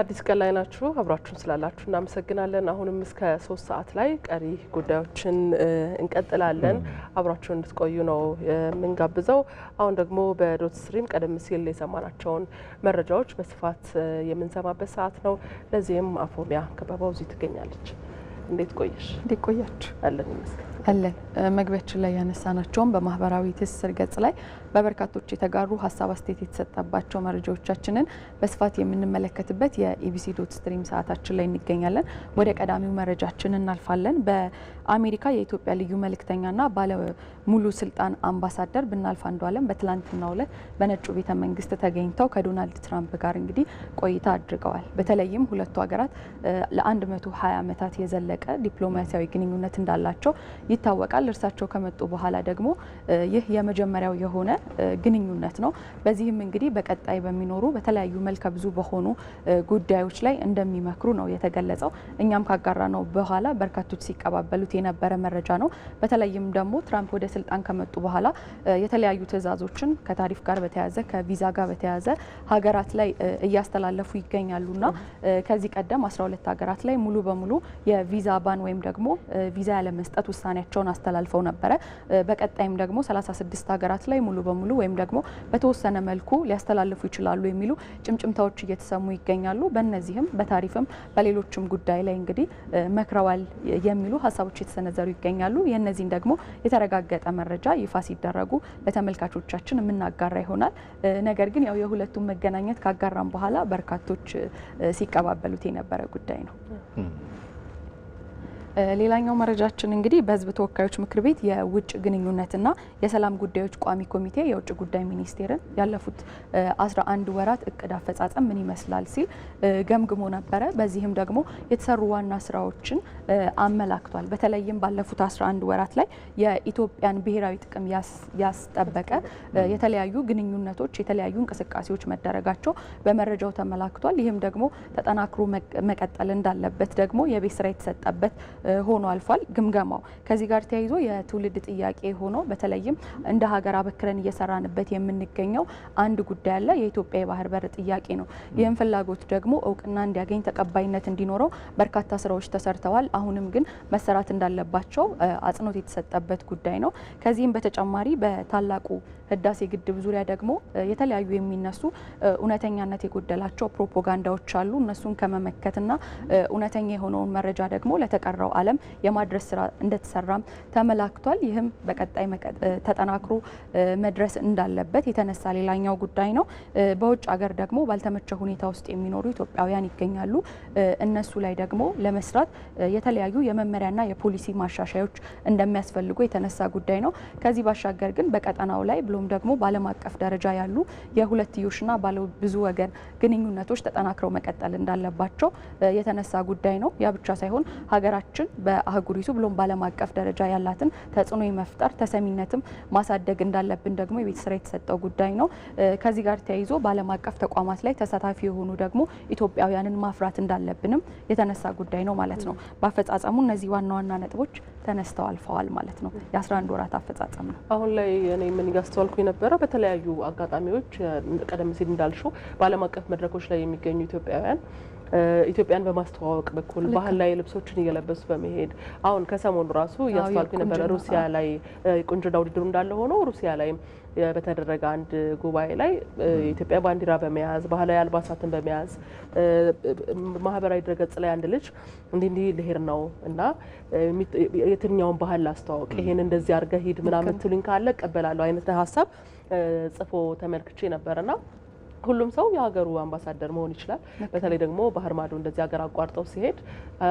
አዲስ ቀን ላይ ናችሁ። አብራችሁን ስላላችሁ እናመሰግናለን። አሁንም እስከ ሶስት ሰዓት ላይ ቀሪ ጉዳዮችን እንቀጥላለን። አብራችሁን እንድትቆዩ ነው የምንጋብዘው። አሁን ደግሞ በዶት ስትሪም ቀደም ሲል የሰማናቸውን መረጃዎች በስፋት የምንሰማበት ሰዓት ነው። ለዚህም አፎሚያ ከበባው እዚህ ትገኛለች። እንዴት ቆየሽ? እንዴት ቆያችሁ? አለን ይመስገን አለን መግቢያችን ላይ ያነሳናቸውም በማህበራዊ ትስስር ገጽ ላይ በበርካቶች የተጋሩ ሀሳብ አስተያየት የተሰጠባቸው መረጃዎቻችንን በስፋት የምንመለከትበት የኢቢሲ ዶት ስትሪም ሰዓታችን ላይ እንገኛለን። ወደ ቀዳሚው መረጃችን እናልፋለን። በአሜሪካ የኢትዮጵያ ልዩ መልእክተኛና ባለሙሉ ስልጣን አምባሳደር ብናልፍ አንዱዓለም በትላንትናው ዕለት በነጩ ቤተ መንግስት ተገኝተው ከዶናልድ ትራምፕ ጋር እንግዲህ ቆይታ አድርገዋል። በተለይም ሁለቱ ሀገራት ለ120 ዓመታት የዘለቀ ዲፕሎማሲያዊ ግንኙነት እንዳላቸው ይታወቃል። እርሳቸው ከመጡ በኋላ ደግሞ ይህ የመጀመሪያው የሆነ ግንኙነት ነው። በዚህም እንግዲህ በቀጣይ በሚኖሩ በተለያዩ መልከ ብዙ በሆኑ ጉዳዮች ላይ እንደሚመክሩ ነው የተገለጸው። እኛም ካጋራ ነው በኋላ በርካቶች ሲቀባበሉት የነበረ መረጃ ነው። በተለይም ደግሞ ትራምፕ ወደ ስልጣን ከመጡ በኋላ የተለያዩ ትዕዛዞችን ከታሪፍ ጋር በተያያዘ ከቪዛ ጋር በተያያዘ ሀገራት ላይ እያስተላለፉ ይገኛሉና ከዚህ ቀደም 12 ሀገራት ላይ ሙሉ በሙሉ የቪዛ ባን ወይም ደግሞ ቪዛ ያለመስጠት ውሳኔ ውሳኔያቸውን አስተላልፈው ነበረ። በቀጣይም ደግሞ 36 ሀገራት ላይ ሙሉ በሙሉ ወይም ደግሞ በተወሰነ መልኩ ሊያስተላልፉ ይችላሉ የሚሉ ጭምጭምታዎች እየተሰሙ ይገኛሉ። በእነዚህም በታሪፍም በሌሎችም ጉዳይ ላይ እንግዲህ መክረዋል የሚሉ ሀሳቦች የተሰነዘሩ ይገኛሉ። የእነዚህን ደግሞ የተረጋገጠ መረጃ ይፋ ሲደረጉ ለተመልካቾቻችን የምናጋራ ይሆናል። ነገር ግን ያው የሁለቱም መገናኘት ካጋራም በኋላ በርካቶች ሲቀባበሉት የነበረ ጉዳይ ነው። ሌላኛው መረጃችን እንግዲህ በህዝብ ተወካዮች ምክር ቤት የውጭ ግንኙነትና የሰላም ጉዳዮች ቋሚ ኮሚቴ የውጭ ጉዳይ ሚኒስቴርን ያለፉት 11 ወራት እቅድ አፈጻጸም ምን ይመስላል ሲል ገምግሞ ነበረ። በዚህም ደግሞ የተሰሩ ዋና ስራዎችን አመላክቷል። በተለይም ባለፉት 11 ወራት ላይ የኢትዮጵያን ብሔራዊ ጥቅም ያስጠበቀ የተለያዩ ግንኙነቶች፣ የተለያዩ እንቅስቃሴዎች መደረጋቸው በመረጃው ተመላክቷል። ይህም ደግሞ ተጠናክሮ መቀጠል እንዳለበት ደግሞ የቤት ስራ የተሰጠበት ሆኖ አልፏል። ግምገማው ከዚህ ጋር ተያይዞ የትውልድ ጥያቄ ሆኖ በተለይም እንደ ሀገር አበክረን እየሰራንበት የምንገኘው አንድ ጉዳይ አለ። የኢትዮጵያ የባህር በር ጥያቄ ነው። ይህም ፍላጎት ደግሞ እውቅና እንዲያገኝ ተቀባይነት እንዲኖረው በርካታ ስራዎች ተሰርተዋል። አሁንም ግን መሰራት እንዳለባቸው አጽንኦት የተሰጠበት ጉዳይ ነው። ከዚህም በተጨማሪ በታላቁ ህዳሴ ግድብ ዙሪያ ደግሞ የተለያዩ የሚነሱ እውነተኛነት የጎደላቸው ፕሮፓጋንዳዎች አሉ። እነሱን ከመመከትና እውነተኛ የሆነውን መረጃ ደግሞ ለተቀረው ለመላው ዓለም የማድረስ ስራ እንደተሰራም ተመላክቷል። ይህም በቀጣይ ተጠናክሮ መድረስ እንዳለበት የተነሳ ሌላኛው ጉዳይ ነው። በውጭ ሀገር ደግሞ ባልተመቸ ሁኔታ ውስጥ የሚኖሩ ኢትዮጵያውያን ይገኛሉ። እነሱ ላይ ደግሞ ለመስራት የተለያዩ የመመሪያና የፖሊሲ ማሻሻዮች እንደሚያስፈልጉ የተነሳ ጉዳይ ነው። ከዚህ ባሻገር ግን በቀጠናው ላይ ብሎም ደግሞ በዓለም አቀፍ ደረጃ ያሉ የሁለትዮሽና ባለ ብዙ ወገን ግንኙነቶች ተጠናክረው መቀጠል እንዳለባቸው የተነሳ ጉዳይ ነው። ያ ብቻ ሳይሆን ሀገራችን ሴቶችን በአህጉሪቱ ብሎም በዓለም አቀፍ ደረጃ ያላትን ተጽዕኖ የመፍጠር ተሰሚነትም ማሳደግ እንዳለብን ደግሞ የቤት ስራ የተሰጠው ጉዳይ ነው። ከዚህ ጋር ተያይዞ በዓለም አቀፍ ተቋማት ላይ ተሳታፊ የሆኑ ደግሞ ኢትዮጵያውያንን ማፍራት እንዳለብንም የተነሳ ጉዳይ ነው ማለት ነው። በአፈጻጸሙ እነዚህ ዋና ዋና ነጥቦች ተነስተው አልፈዋል ማለት ነው። የ11 ወራት አፈጻጸም ነው። አሁን ላይ እኔ ምን እያስተዋልኩ የነበረ በተለያዩ አጋጣሚዎች ቀደም ሲል እንዳልሹ በዓለም አቀፍ መድረኮች ላይ የሚገኙ ኢትዮጵያውያን ኢትዮጵያን በማስተዋወቅ በኩል ባህል ላይ ልብሶችን እየለበሱ በመሄድ አሁን ከሰሞኑ ራሱ እያስተዋልኩ ነበረ ሩሲያ ላይ ቁንጅና ውድድሩ እንዳለ ሆኖ ሩሲያ ላይ በተደረገ አንድ ጉባኤ ላይ የኢትዮጵያ ባንዲራ በመያዝ ባህላዊ አልባሳትን በመያዝ ማህበራዊ ድረገጽ ላይ አንድ ልጅ እንዲህ እንዲህ ልሄድ ነው እና የትኛውን ባህል ላስተዋወቅ ይሄን እንደዚህ አድርገህ ሂድ ምናምን ትሉኝ ካለ እቀበላለሁ አይነት ሀሳብ ጽፎ ተመልክቼ ነበርና ሁሉም ሰው የሀገሩ አምባሳደር መሆን ይችላል። በተለይ ደግሞ ባህር ማዶ እንደዚህ ሀገር አቋርጠው ሲሄድ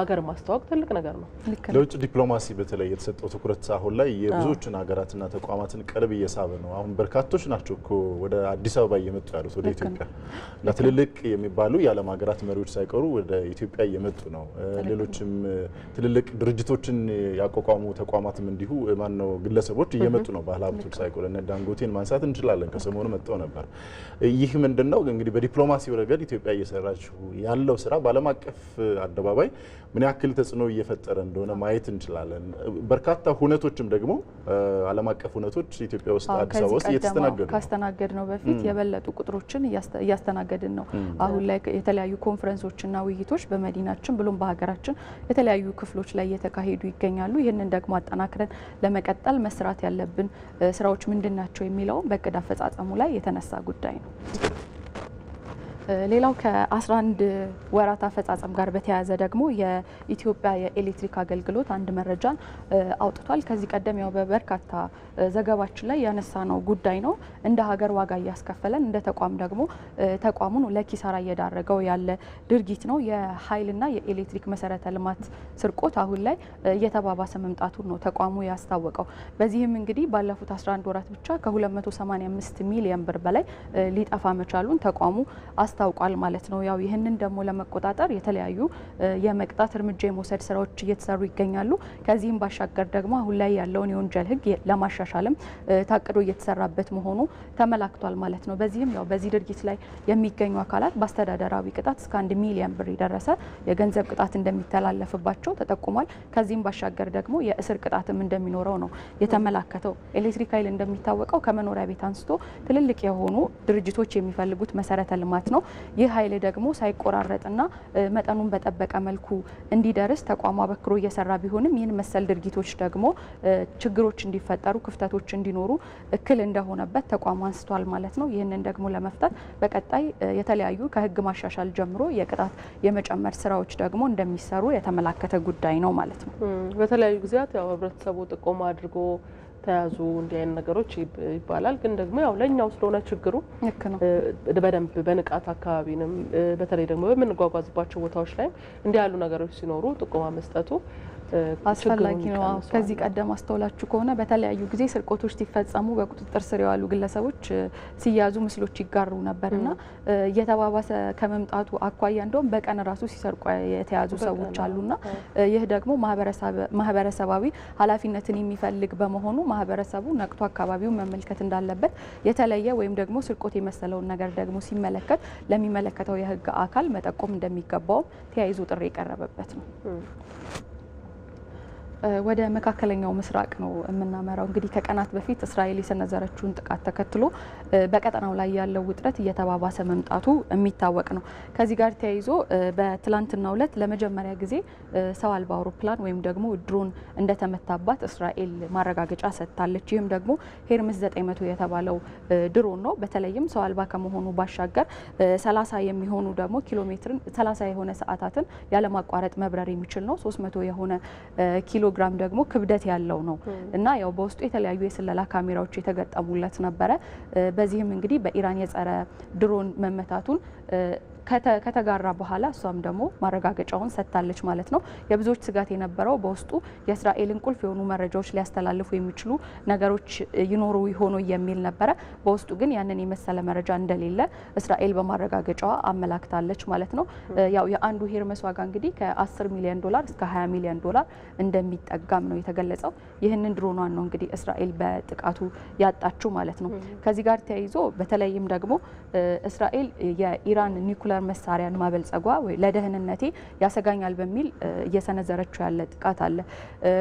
ሀገር ማስተዋወቅ ትልቅ ነገር ነው። ለውጭ ዲፕሎማሲ በተለይ የተሰጠው ትኩረት አሁን ላይ የብዙዎችን ሀገራትና ተቋማትን ቅርብ እየሳበ ነው። አሁን በርካቶች ናቸው እኮ ወደ አዲስ አበባ እየመጡ ያሉት ወደ ኢትዮጵያ እና ትልልቅ የሚባሉ የዓለም ሀገራት መሪዎች ሳይቀሩ ወደ ኢትዮጵያ እየመጡ ነው። ሌሎችም ትልልቅ ድርጅቶችን ያቋቋሙ ተቋማትም እንዲሁ ነው ግለሰቦች እየመጡ ነው። ባለሀብቶች ሳይቀሩ እነ ዳንጎቴን ማንሳት እንችላለን። ከሰሞኑ መጥተው ነበር። ይህ ምንድን ነው እንግዲህ በዲፕሎማሲው ረገድ ኢትዮጵያ እየሰራችው ያለው ስራ በዓለም አቀፍ አደባባይ ምን ያክል ተጽዕኖ እየፈጠረ እንደሆነ ማየት እንችላለን። በርካታ ሁነቶችም ደግሞ ዓለም አቀፍ ሁነቶች ኢትዮጵያ ውስጥ አዲስ አበባ ውስጥ እየተስተናገዱ ካስተናገድ ነው በፊት የበለጡ ቁጥሮችን እያስተናገድን ነው። አሁን ላይ የተለያዩ ኮንፈረንሶችና ውይይቶች በመዲናችን ብሎም በሀገራችን የተለያዩ ክፍሎች ላይ እየተካሄዱ ይገኛሉ። ይህንን ደግሞ አጠናክረን ለመቀጠል መስራት ያለብን ስራዎች ምንድን ናቸው የሚለውም በእቅድ አፈጻጸሙ ላይ የተነሳ ጉዳይ ነው። ሌላው ከ11 ወራት አፈጻጸም ጋር በተያያዘ ደግሞ የኢትዮጵያ የኤሌክትሪክ አገልግሎት አንድ መረጃን አውጥቷል። ከዚህ ቀደም ያው በበርካታ ዘገባችን ላይ ያነሳ ነው ጉዳይ ነው። እንደ ሀገር ዋጋ እያስከፈለን እንደ ተቋም ደግሞ ተቋሙን ለኪሳራ እየዳረገው ያለ ድርጊት ነው። የኃይልና የኤሌክትሪክ መሰረተ ልማት ስርቆት አሁን ላይ እየተባባሰ መምጣቱን ነው ተቋሙ ያስታወቀው። በዚህም እንግዲህ ባለፉት 11 ወራት ብቻ ከ285 ሚሊዮን ብር በላይ ሊጠፋ መቻሉን ተቋሙ አስታውቋል ማለት ነው። ያው ይህንን ደግሞ ለመቆጣጠር የተለያዩ የመቅጣት እርምጃ የመውሰድ ስራዎች እየተሰሩ ይገኛሉ። ከዚህም ባሻገር ደግሞ አሁን ላይ ያለውን የወንጀል ህግ ለማሻሻልም ታቅዶ እየተሰራበት መሆኑ ተመላክቷል ማለት ነው። በዚህም ያው በዚህ ድርጊት ላይ የሚገኙ አካላት በአስተዳደራዊ ቅጣት እስከ አንድ ሚሊዮን ብር የደረሰ የገንዘብ ቅጣት እንደሚተላለፍባቸው ተጠቁሟል። ከዚህም ባሻገር ደግሞ የእስር ቅጣትም እንደሚኖረው ነው የተመላከተው። ኤሌክትሪክ ኃይል እንደሚታወቀው ከመኖሪያ ቤት አንስቶ ትልልቅ የሆኑ ድርጅቶች የሚፈልጉት መሰረተ ልማት ነው። ይህ ኃይል ደግሞ ሳይቆራረጥና መጠኑን በጠበቀ መልኩ እንዲደርስ ተቋሙ አበክሮ እየሰራ ቢሆንም ይህን መሰል ድርጊቶች ደግሞ ችግሮች እንዲፈጠሩ፣ ክፍተቶች እንዲኖሩ እክል እንደሆነበት ተቋሙ አንስቷል ማለት ነው። ይህንን ደግሞ ለመፍታት በቀጣይ የተለያዩ ከህግ ማሻሻል ጀምሮ የቅጣት የመጨመር ስራዎች ደግሞ እንደሚሰሩ የተመላከተ ጉዳይ ነው ማለት ነው። በተለያዩ ጊዜያት ያው ህብረተሰቡ ጥቆማ አድርጎ ተያዙ እንዲህ አይነት ነገሮች ይባላል። ግን ደግሞ ያው ለእኛው ስለሆነ ችግሩ በደንብ በንቃት አካባቢንም በተለይ ደግሞ በምንጓጓዝባቸው ቦታዎች ላይ እንዲህ ያሉ ነገሮች ሲኖሩ ጥቆማ መስጠቱ አስፈላጊ ነው። ከዚህ ቀደም አስተውላችሁ ከሆነ በተለያዩ ጊዜ ስርቆቶች ሲፈጸሙ በቁጥጥር ስር የዋሉ ግለሰቦች ሲያዙ ምስሎች ይጋሩ ነበርና እየተባባሰ ከመምጣቱ አኳያ እንደውም በቀን ራሱ ሲሰርቁ የተያዙ ሰዎች አሉና ይህ ደግሞ ማህበረሰባዊ ኃላፊነትን የሚፈልግ በመሆኑ ማህበረሰቡ ነቅቶ አካባቢውን መመልከት እንዳለበት የተለየ ወይም ደግሞ ስርቆት የመሰለውን ነገር ደግሞ ሲመለከት ለሚመለከተው የህግ አካል መጠቆም እንደሚገባውም ተያይዞ ጥሪ የቀረበበት ነው። ወደ መካከለኛው ምስራቅ ነው የምናመራው። እንግዲህ ከቀናት በፊት እስራኤል የሰነዘረችውን ጥቃት ተከትሎ በቀጠናው ላይ ያለው ውጥረት እየተባባሰ መምጣቱ የሚታወቅ ነው። ከዚህ ጋር ተያይዞ በትላንትናው ዕለት ለመጀመሪያ ጊዜ ሰው አልባ አውሮፕላን ወይም ደግሞ ድሮን እንደተመታባት እስራኤል ማረጋገጫ ሰጥታለች። ይህም ደግሞ ሄርምስ 900 የተባለው ድሮን ነው። በተለይም ሰው አልባ ከመሆኑ ባሻገር 30 የሚሆኑ ደግሞ ኪሎ ሜትርን 30 የሆነ ሰዓታትን ያለማቋረጥ መብረር የሚችል ነው። 300 የሆነ ኪሎ ኪሎ ግራም ደግሞ ክብደት ያለው ነው እና ያው በውስጡ የተለያዩ የስለላ ካሜራዎች የተገጠሙለት ነበረ። በዚህም እንግዲህ በኢራን የጸረ ድሮን መመታቱን ከተጋራ በኋላ እሷም ደግሞ ማረጋገጫውን ሰጥታለች ማለት ነው። የብዙዎች ስጋት የነበረው በውስጡ የእስራኤልን ቁልፍ የሆኑ መረጃዎች ሊያስተላልፉ የሚችሉ ነገሮች ይኖሩ ሆኖ የሚል ነበረ። በውስጡ ግን ያንን የመሰለ መረጃ እንደሌለ እስራኤል በማረጋገጫዋ አመላክታለች ማለት ነው። ያው የአንዱ ሄርመስ ዋጋ እንግዲህ ከ10 ሚሊዮን ዶላር እስከ 20 ሚሊዮን ዶላር እንደሚጠጋም ነው የተገለጸው። ይህንን ድሮኗን ነው እንግዲህ እስራኤል በጥቃቱ ያጣችው ማለት ነው። ከዚህ ጋር ተያይዞ በተለይም ደግሞ እስራኤል የኢራን ኒኩለር የኒውክሌር መሳሪያን ማበልጸጓ ወይ ለደህንነቴ ያሰጋኛል በሚል እየሰነዘረችው ያለ ጥቃት አለ።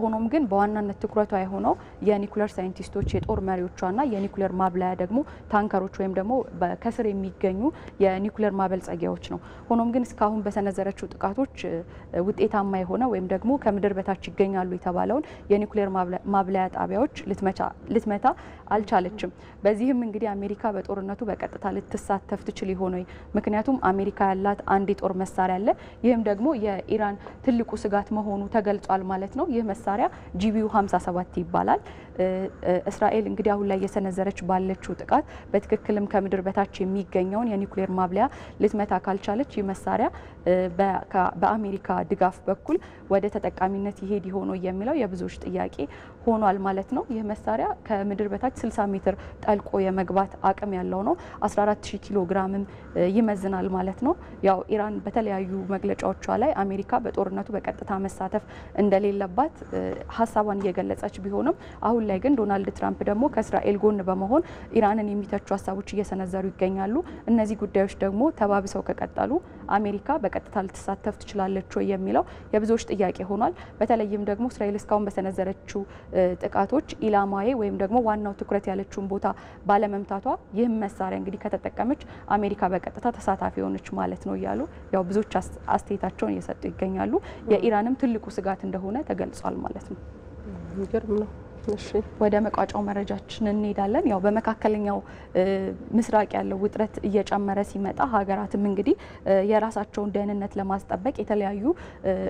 ሆኖም ግን በዋናነት ትኩረቷ የሆነው የኒውክሌር ሳይንቲስቶች፣ የጦር መሪዎቿና የኒውክሌር ማብላያ ደግሞ ታንከሮች ወይም ደግሞ ከስር የሚገኙ የኒውክሌር ማበልጸጊያዎች ነው። ሆኖም ግን እስካሁን በሰነዘረችው ጥቃቶች ውጤታማ የሆነ ወይም ደግሞ ከምድር በታች ይገኛሉ የተባለውን የኒውክሌር ማብላያ ጣቢያዎች ልትመታ አልቻለችም። በዚህም እንግዲህ አሜሪካ በጦርነቱ በቀጥታ ልትሳተፍ ትችል ይሆን? ምክንያቱም አሜሪካ ያላት አንድ የጦር መሳሪያ አለ። ይህም ደግሞ የኢራን ትልቁ ስጋት መሆኑ ተገልጿል ማለት ነው። ይህ መሳሪያ ጂቢዩ 57 ይባላል። እስራኤል እንግዲህ አሁን ላይ እየሰነዘረች ባለችው ጥቃት በትክክልም ከምድር በታች የሚገኘውን የኒውክሌር ማብለያ ልትመታ ካልቻለች ይህ መሳሪያ በአሜሪካ ድጋፍ በኩል ወደ ተጠቃሚነት ይሄድ ሆኖ የሚለው የብዙዎች ጥያቄ ሆኗል ማለት ነው። ይህ መሳሪያ ከምድር በታች 60 ሜትር ጠልቆ የመግባት አቅም ያለው ነው። 140 ኪሎ ግራምም ይመዝናል ማለት ነው። ያው ኢራን በተለያዩ መግለጫዎቿ ላይ አሜሪካ በጦርነቱ በቀጥታ መሳተፍ እንደሌለባት ሀሳቧን እየገለጸች ቢሆንም አሁን ላይ ግን ዶናልድ ትራምፕ ደግሞ ከእስራኤል ጎን በመሆን ኢራንን የሚተቹ ሀሳቦች እየሰነዘሩ ይገኛሉ። እነዚህ ጉዳዮች ደግሞ ተባብሰው ከቀጠሉ አሜሪካ በቀጥታ ልትሳተፍ ትችላለች ወይ የሚለው የብዙዎች ጥያቄ ሆኗል። በተለይም ደግሞ እስራኤል እስካሁን በሰነዘረችው ጥቃቶች ኢላማዬ ወይም ደግሞ ዋናው ትኩረት ያለችውን ቦታ ባለመምታቷ ይህም መሳሪያ እንግዲህ ከተጠቀመች አሜሪካ በቀጥታ ተሳታፊ ሆነች ማለት ነው እያሉ ያው ብዙዎች አስተያየታቸውን እየሰጡ ይገኛሉ። የኢራንም ትልቁ ስጋት እንደሆነ ተገልጿል ማለት ነው። ወደ መቋጫው መረጃችን እንሄዳለን። ያው በመካከለኛው ምስራቅ ያለው ውጥረት እየጨመረ ሲመጣ ሀገራትም እንግዲህ የራሳቸውን ደህንነት ለማስጠበቅ የተለያዩ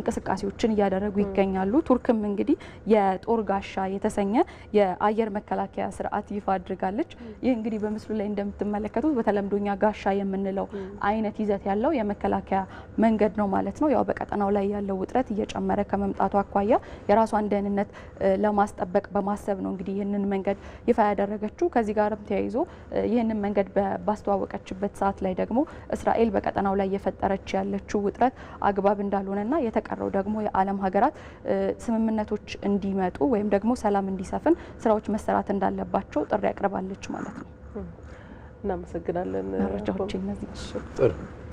እንቅስቃሴዎችን እያደረጉ ይገኛሉ። ቱርክም እንግዲህ የጦር ጋሻ የተሰኘ የአየር መከላከያ ስርዓት ይፋ አድርጋለች። ይህ እንግዲህ በምስሉ ላይ እንደምትመለከቱት በተለምዶኛ ጋሻ የምንለው አይነት ይዘት ያለው የመከላከያ መንገድ ነው ማለት ነው። ያው በቀጠናው ላይ ያለው ውጥረት እየጨመረ ከመምጣቱ አኳያ የራሷን ደህንነት ለማስጠበቅ በማሰብ ነው እንግዲህ ይህንን መንገድ ይፋ ያደረገችው። ከዚህ ጋርም ተያይዞ ይህንን መንገድ ባስተዋወቀችበት ሰዓት ላይ ደግሞ እስራኤል በቀጠናው ላይ እየፈጠረች ያለችው ውጥረት አግባብ እንዳልሆነና የተቀረው ደግሞ የዓለም ሀገራት ስምምነቶች እንዲመጡ ወይም ደግሞ ሰላም እንዲሰፍን ስራዎች መሰራት እንዳለባቸው ጥሪ አቅርባለች ማለት ነው። እናመሰግናለን። መረጃዎች እነዚህ